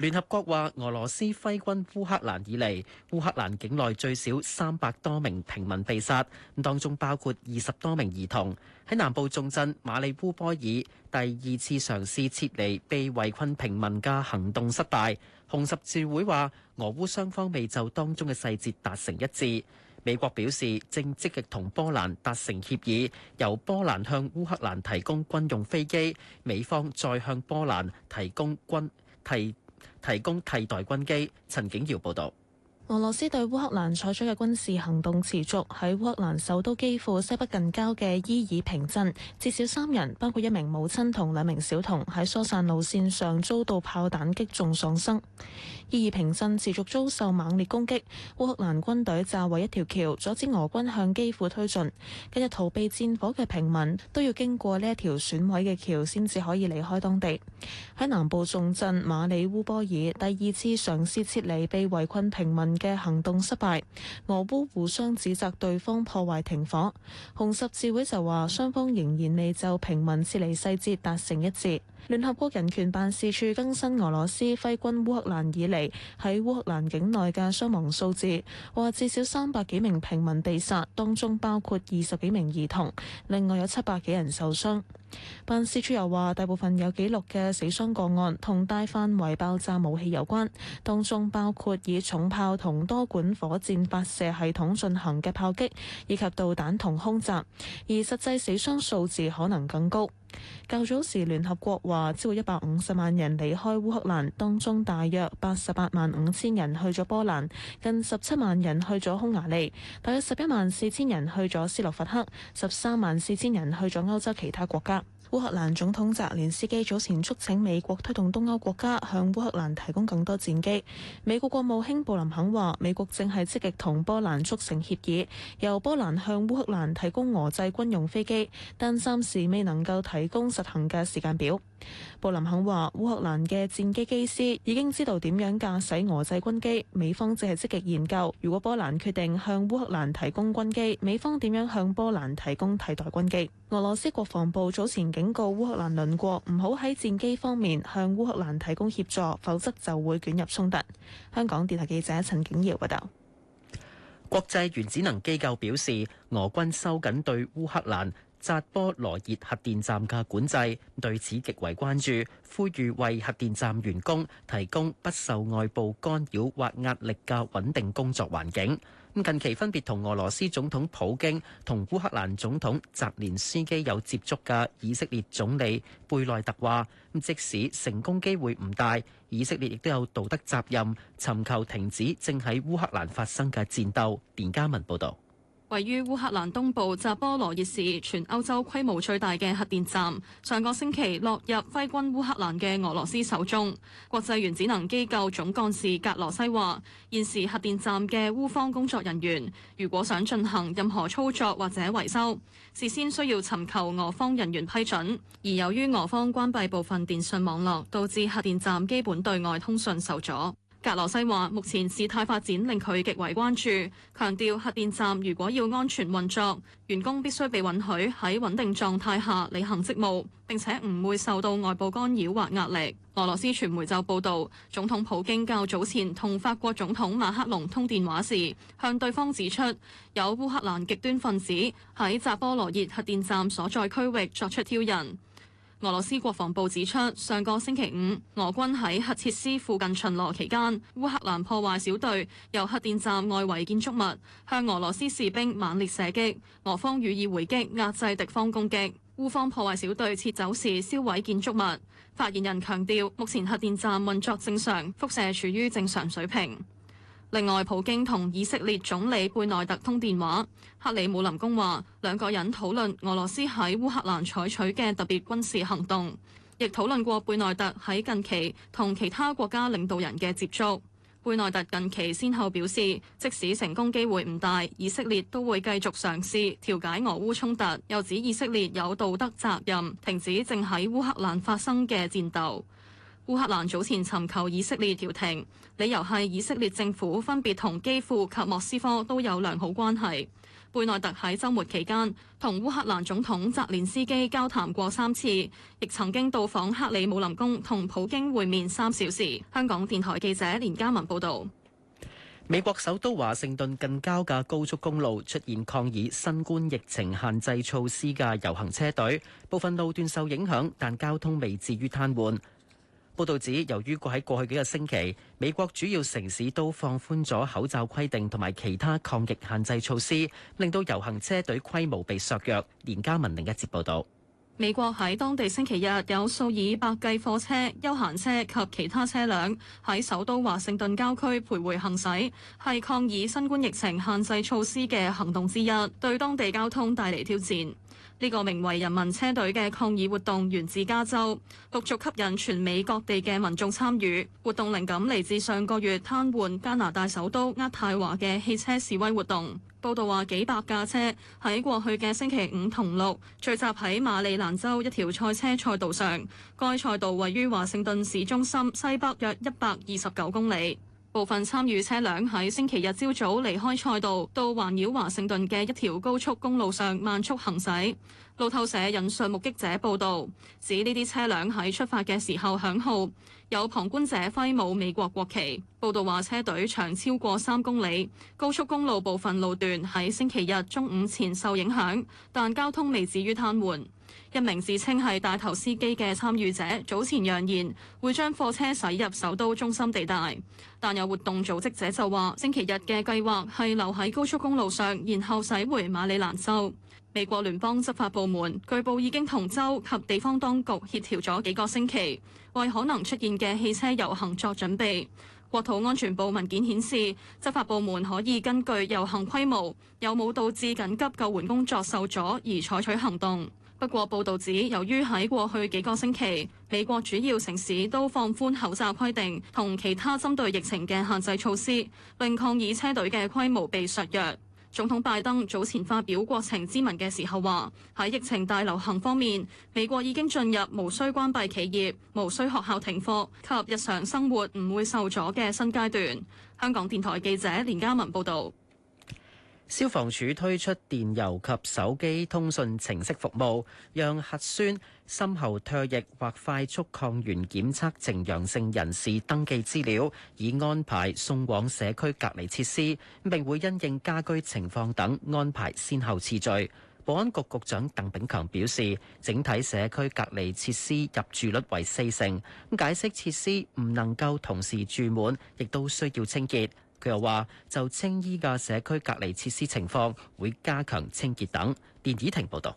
聯合國話，俄羅斯揮軍烏克蘭以嚟，烏克蘭境內最少三百多名平民被殺，咁當中包括二十多名兒童。喺南部重鎮馬里烏波爾，第二次嘗試撤離被圍困平民嘅行動失敗。紅十字會話，俄烏雙方未就當中嘅細節達成一致。美國表示正積極同波蘭達成協議，由波蘭向烏克蘭提供軍用飛機，美方再向波蘭提供軍提。提供替代軍機，陳景耀報道。俄羅斯對烏克蘭採取嘅軍事行動持續。喺烏克蘭首都基輔西北近郊嘅伊爾平鎮，至少三人，包括一名母親同兩名小童，喺疏散路線上遭到炮彈擊中喪生。伊爾平鎮持續遭受猛烈攻擊，烏克蘭軍隊炸毀一條橋，阻止俄軍向基輔推進。近日逃避戰火嘅平民都要經過呢一條損毀嘅橋先至可以離開當地。喺南部重鎮馬里烏波爾，第二次嘗試撤離被圍困平民嘅行動失敗，俄烏互相指責對方破壞停火。紅十字會就話，雙方仍然未就平民撤離細節達成一致。聯合國人權辦事處更新俄羅斯揮軍烏克蘭以嚟喺烏克蘭境內嘅傷亡數字，話至少三百幾名平民被殺，當中包括二十幾名兒童，另外有七百幾人受傷。辦事處又話，大部分有記錄嘅死傷個案同大範圍爆炸武器有關，當中包括以重炮同多管火箭發射系統進行嘅炮擊，以及導彈同空襲，而實際死傷數字可能更高。較早時，聯合國話超過一百五十萬人離開烏克蘭，當中大約八十八萬五千人去咗波蘭，近十七萬人去咗匈牙利，大約十一萬四千人去咗斯洛伐克，十三萬四千人去咗歐洲其他國家。烏克蘭總統澤連斯基早前促請美國推動東歐國家向烏克蘭提供更多戰機。美國國務卿布林肯話：美國正係積極同波蘭促成協議，由波蘭向烏克蘭提供俄製軍用飛機，但暫時未能夠提供實行嘅時間表。布林肯話：烏克蘭嘅戰機機師已經知道點樣駕駛俄製軍機，美方正係積極研究。如果波蘭決定向烏克蘭提供軍機，美方點樣向波蘭提供替代軍機？俄羅斯國防部早前警告烏克蘭鄰國唔好喺戰機方面向烏克蘭提供協助，否則就會捲入衝突。香港電台記者陳景堯報道。國際原子能機構表示，俄軍收緊對烏克蘭。扎波羅熱核電站嘅管制，對此極為關注，呼籲為核電站員工提供不受外部干擾或壓力嘅穩定工作環境。咁近期分別同俄羅斯總統普京同烏克蘭總統澤連斯基有接觸嘅以色列總理貝內特話，即使成功機會唔大，以色列亦都有道德責任尋求停止正喺烏克蘭發生嘅戰鬥，連嘉文報道。位於烏克蘭東部扎波羅熱市、全歐洲規模最大嘅核電站，上個星期落入揮軍烏克蘭嘅俄羅斯手中。國際原子能機構總幹事格羅西話：現時核電站嘅烏方工作人員，如果想進行任何操作或者維修，事先需要尋求俄方人員批准。而由於俄方關閉部分電信網絡，導致核電站基本對外通訊受阻。格羅西話：目前事態發展令佢極為關注，強調核電站如果要安全運作，員工必須被允許喺穩定狀態下履行職務，並且唔會受到外部干擾或壓力。俄羅斯傳媒就報導，總統普京較早前同法國總統馬克龍通電話時，向對方指出有烏克蘭極端分子喺扎波羅熱核電站所在區域作出挑釁。俄羅斯國防部指出，上個星期五，俄軍喺核設施附近巡邏期間，烏克蘭破壞小隊由核電站外圍建築物向俄羅斯士兵猛烈射擊，俄方予以回擊，壓制敵方攻擊。烏方破壞小隊撤走時燒毀建築物。發言人強調，目前核電站運作正常，輻射處於正常水平。另外，普京同以色列總理貝內特通電話，克里姆林宮話，兩個人討論俄羅斯喺烏克蘭採取嘅特別軍事行動，亦討論過貝內特喺近期同其他國家領導人嘅接觸。貝內特近期先後表示，即使成功機會唔大，以色列都會繼續嘗試調解俄烏衝突，又指以色列有道德責任，停止正喺烏克蘭發生嘅戰鬥。烏克蘭早前尋求以色列調停，理由係以色列政府分別同基輔及莫斯科都有良好關係。貝內特喺週末期間同烏克蘭總統澤連斯基交談過三次，亦曾經到訪克里姆林宮同普京會面三小時。香港電台記者連加文報導，美國首都華盛頓近郊嘅高速公路出現抗議新冠疫情限制措施嘅遊行車隊，部分路段受影響，但交通未至於癱瘓。報導指，由於喺過去幾個星期，美國主要城市都放寬咗口罩規定同埋其他抗疫限制措施，令到遊行車隊規模被削弱。連加文，另一節報導，美國喺當地星期日有數以百計貨車、休閒車及其他車輛喺首都華盛頓郊區徘徊行駛，係抗議新冠疫情限制措施嘅行動之一，對當地交通帶嚟挑戰。呢個名為人民車隊嘅抗議活動源自加州，陸續吸引全美各地嘅民眾參與。活動靈感嚟自上個月癱瘓加拿大首都渥太華嘅汽車示威活動。報道話，幾百架車喺過去嘅星期五同六聚集喺馬里蘭州一條賽車賽道上，該賽道位於華盛頓市中心西北約一百二十九公里。部分參與車輛喺星期日朝早離開賽道，到環繞華盛頓嘅一條高速公路上慢速行駛。路透社引述目擊者報道，指呢啲車輛喺出發嘅時候響號，有旁觀者揮舞美國國旗。報道話車隊長超過三公里，高速公路部分路段喺星期日中午前受影響，但交通未至於癱瘓。一名自稱係大頭司機嘅參與者早前揚言會將貨車駛入首都中心地帶，但有活動組織者就話星期日嘅計劃係留喺高速公路上，然後駛回馬里蘭州。美國聯邦執法部門據報已經同州及地方當局協調咗幾個星期，為可能出現嘅汽車遊行作準備。國土安全部文件顯示，執法部門可以根據遊行規模有冇導致緊急救援工作受阻而採取行動。不過，報道指由於喺過去幾個星期，美國主要城市都放寬口罩規定同其他針對疫情嘅限制措施，令抗議車隊嘅規模被削弱。總統拜登早前發表國情咨文嘅時候話：喺疫情大流行方面，美國已經進入無需關閉企業、無需學校停課及日常生活唔會受阻嘅新階段。香港電台記者連嘉文報導。消防處推出電郵及手機通訊程式服務，讓核酸、深喉唾液或快速抗原檢測呈陽性人士登記資料，以安排送往社區隔離設施。並會因應家居情況等安排先後次序。保安局局長鄧炳強表示，整體社區隔離設施入住率為四成，解釋設施唔能夠同時住滿，亦都需要清潔。佢又話：就青衣嘅社區隔離設施情況，會加強清潔等。電子庭報導，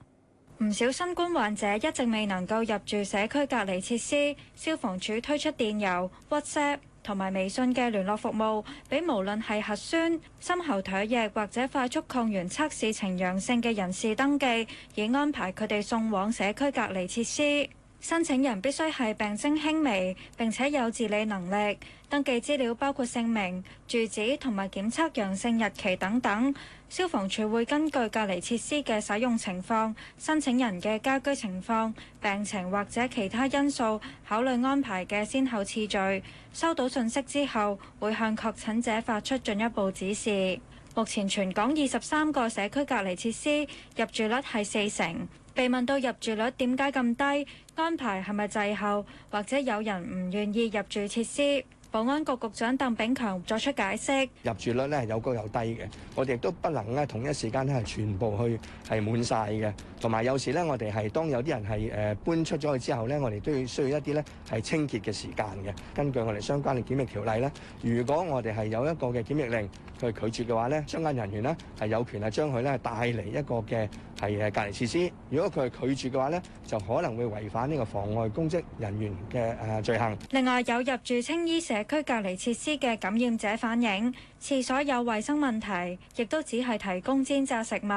唔少新冠患者一直未能夠入住社區隔離設施，消防處推出電郵、WhatsApp 同埋微信嘅聯絡服務，俾無論係核酸、深喉唾液或者快速抗原測試呈陽性嘅人士登記，以安排佢哋送往社區隔離設施。申請人必須係病徵輕微並且有自理能力，登記資料包括姓名、住址同埋檢測陽性日期等等。消防處會根據隔離設施嘅使用情況、申請人嘅家居情況、病情或者其他因素考慮安排嘅先後次序。收到信息之後，會向確診者發出進一步指示。目前全港二十三個社區隔離設施入住率係四成。被問到入住率點解咁低，安排係咪滯後，或者有人唔願意入住設施？保安局局長鄧炳強作出解釋：入住率咧有高有低嘅，我哋亦都不能咧同一時間咧係全部去係滿晒嘅。同埋有，有時咧，我哋係當有啲人係誒、呃、搬出咗去之後咧，我哋都要需要一啲咧係清潔嘅時間嘅。根據我哋相關嘅檢疫條例咧，如果我哋係有一個嘅檢疫令佢拒絕嘅話咧，相關人員咧係有權係將佢咧帶嚟一個嘅係誒隔離設施。如果佢拒絕嘅話咧，就可能會違反呢個妨礙公職人員嘅誒、呃、罪行。另外有入住青衣社區隔離設施嘅感染者反映，廁所有衛生問題，亦都只係提供煎炸食物。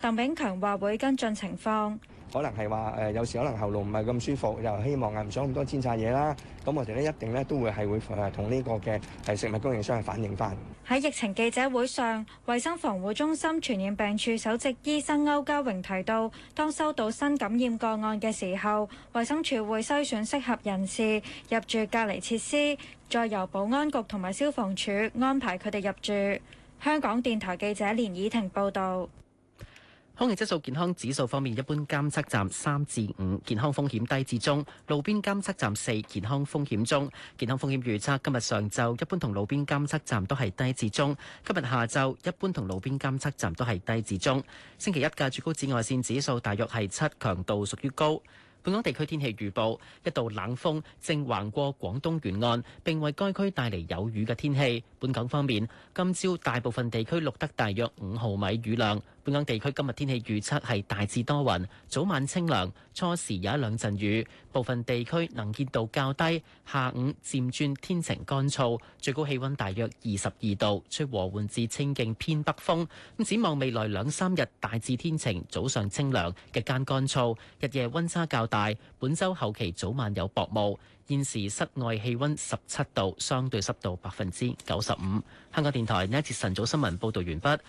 鄧炳強話會跟進情況。可能係話誒，有時可能喉嚨唔係咁舒服，又希望啊唔想咁多煎炸嘢啦。咁我哋咧一定咧都會係會誒同呢個嘅係食物供應商係反映翻。喺疫情記者會上，衞生防護中心傳染病處首席醫生歐家榮提到，當收到新感染個案嘅時候，衞生署會篩選適合人士入住隔離設施，再由保安局同埋消防處安排佢哋入住。香港電台記者連以婷報導。空氣質素健康指數方面，一般監測站三至五，健康風險低至中；路邊監測站四，健康風險中。健康風險預測，今日上晝一般同路邊監測站都係低至中。今日下晝一般同路邊監測站都係低至中。星期一嘅最高紫外線指數大約係七，強度屬於高。本港地區天氣預報，一道冷鋒正橫過廣東沿岸，並為該區帶嚟有雨嘅天氣。本港方面，今朝大部分地區錄得大約五毫米雨量。本港地區今日天，天氣預測係大致多雲，早晚清涼，初時有一兩陣雨，部分地區能見度較低。下午漸轉天晴乾燥，最高氣温大約二十二度，吹和緩至清勁偏北風。展望未來兩三日大致天晴，早上清涼，日間乾，乾燥，日夜温差較大。本週後期早晚有薄霧。現時室外氣温十七度，相對濕度百分之九十五。香港電台呢一節晨早新聞報道完畢。